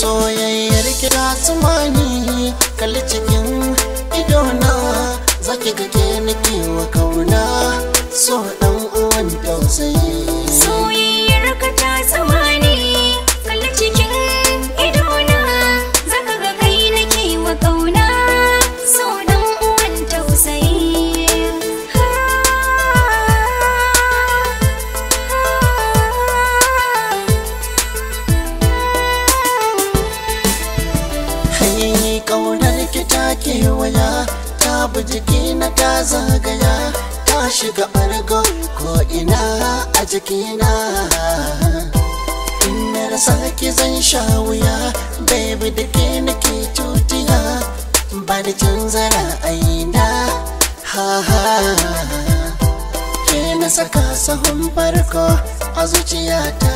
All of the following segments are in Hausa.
soyayyar kira tumani kalli cikin idona zaki ga ke nake wa kauna so kewaya ta jiki na ta zagaya ta shiga ɓargo ko ina a jikina in na rasa zan sha wuya baby da ke nake tutiya ba da canza aina ha ha ke na saka sahun farko a zuciyata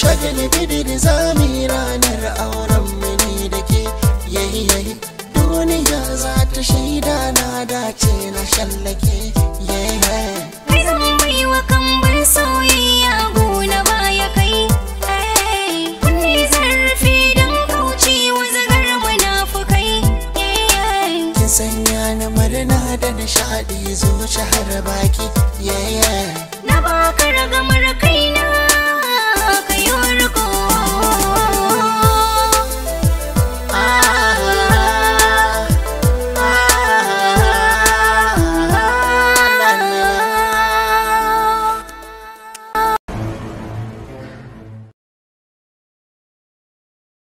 shagali bidir zami ranar auren mini da ke yayi duniya za ta shaida na dace na shallake yayi yayi wa kambar ya gona baya kai kunne zarfi don kauce wa munafukai kin sanya na murna da nishadi zuci har baki na baka ragamar kai